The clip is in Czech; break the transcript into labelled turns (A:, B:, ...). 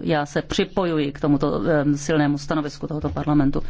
A: já se připojuji k tomuto eh, silnému stanovisku tohoto parlamentu.